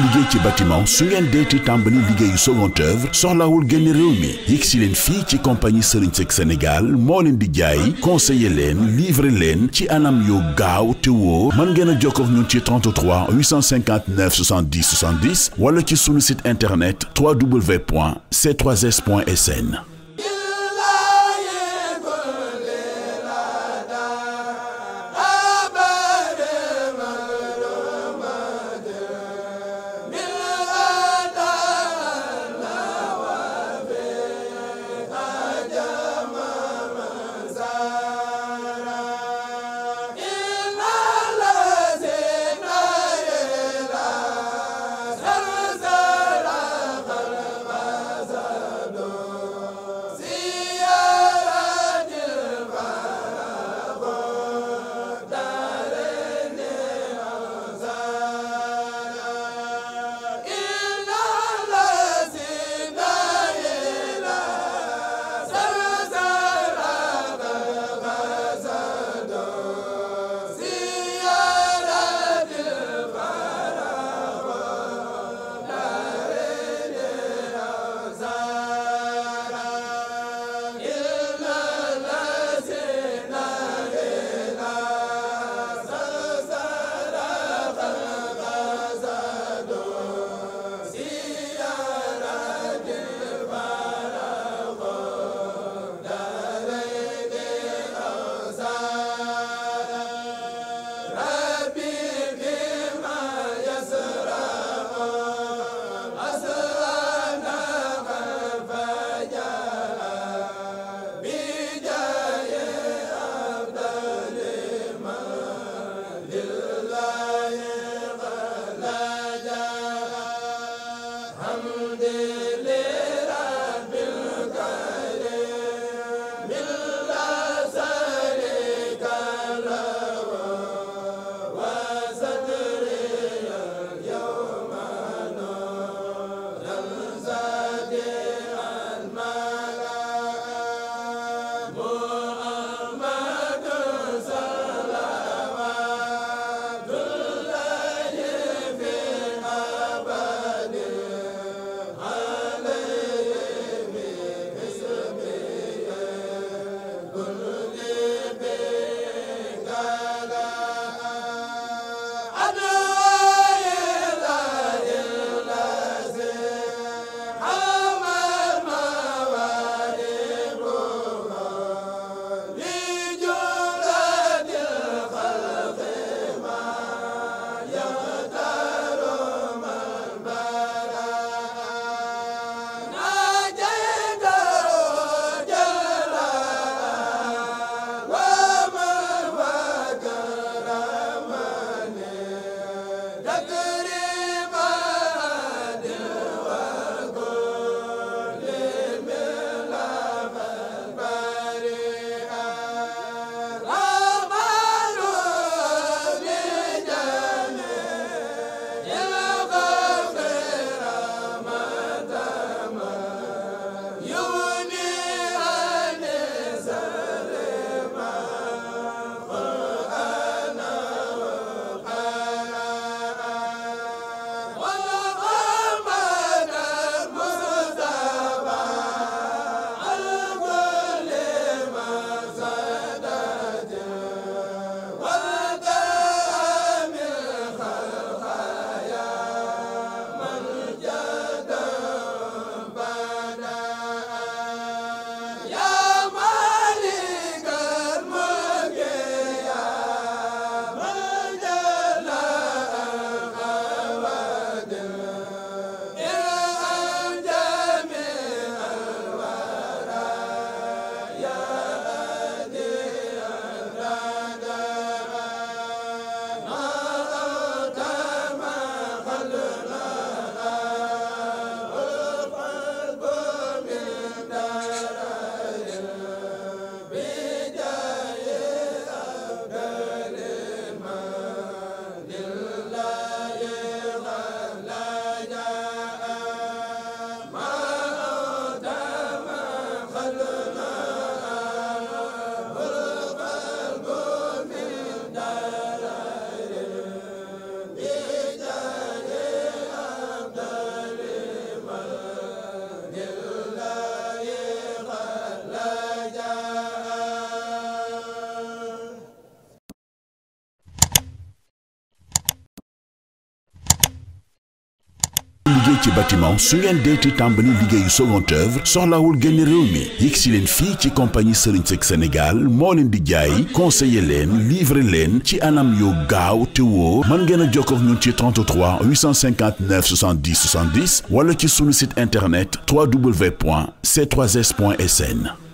liggéey ci bâtiment su ngeen deeti tàmbali liggéeyu second œuvre soxlawul génn réew mi yegg si leen fii ci compagnie Serigne Seck Sénégal moo leen di jaay conseiller leen livrer leen ci anam yoo gaaw te woo man ngeen a jokkoo ak ñun ci 33 859 70 70 wala ci sunu site internet www.c3s.sn liggéey ci bâtiment su ngeen deeti tàmbali liggéeyu seconde œuvre soxlawul génn réew mi yegg si leen fii ci compagnie Serigne Seck Sénégal moo leen di jaay conseille leen livrer leen ci anam yoo gaaw te woo mën ngeen a jokkoo ak ñun ci 33 859 70 70 wala ci sunu site internet www.c3s.sn